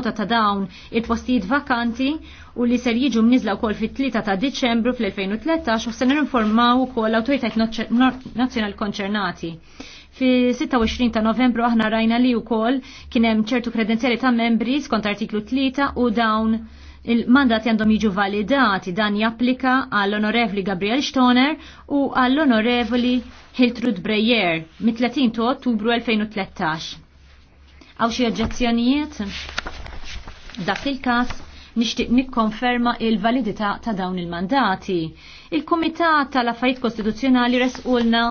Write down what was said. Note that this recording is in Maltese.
nota ta' dawn il-postijiet vakanti u li ser jiġu mnizla wkoll fit-3 ta' Diċembru fl-2013 u se ninformaw ukoll l-awtoritajiet nazzjonali konċernati. Fi 26 ta' novembru aħna rajna li wkoll kien hemm ċertu kredenzjali ta' membri skont artiklu 3 u dawn il-mandati għandhom jiġu validati dan japplika għall-onorevli Gabriel Stoner u għall-onorevli Hiltrud Breyer mit-30 ottubru 2013. Għaw xie oġġezzjonijiet? Dak il-kas nixtieq nikkonferma il-validità ta' dawn il-mandati. Il-Kumitat tal-Affarijiet Kostituzzjonali resqulna